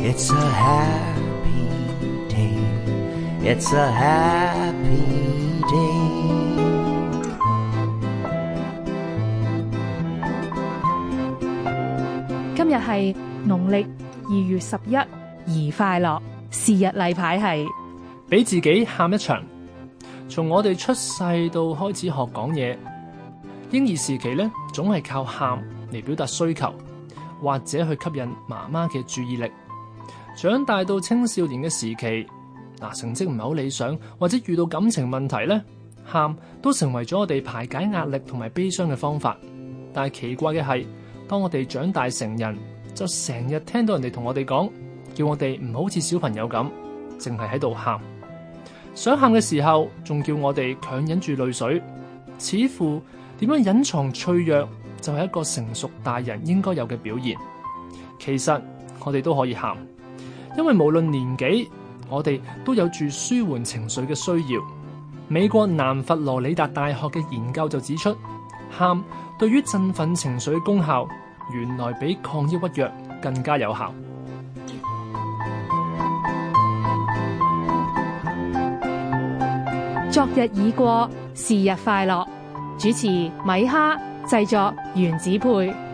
It's a happy day, it's a happy day 今日係農曆二月十一，宜快樂。是日例牌係，俾自己喊一場。從我哋出世到開始學講嘢，嬰兒時期咧，總係靠喊嚟表達需求。或者去吸引媽媽嘅注意力。長大到青少年嘅時期，嗱，成績唔係好理想，或者遇到感情問題咧，喊都成為咗我哋排解壓力同埋悲傷嘅方法。但係奇怪嘅係，當我哋長大成人，就成日聽到人哋同我哋講，叫我哋唔好似小朋友咁，淨係喺度喊，想喊嘅時候仲叫我哋強忍住淚水，似乎點樣隱藏脆弱。就係、是、一個成熟大人應該有嘅表現。其實我哋都可以喊，因為無論年紀，我哋都有住舒緩情緒嘅需要。美國南佛羅里達大學嘅研究就指出，喊對於振奮情緒嘅功效，原來比抗抑鬱藥更加有效。昨日已過，是日快樂。主持米哈。製作原子配。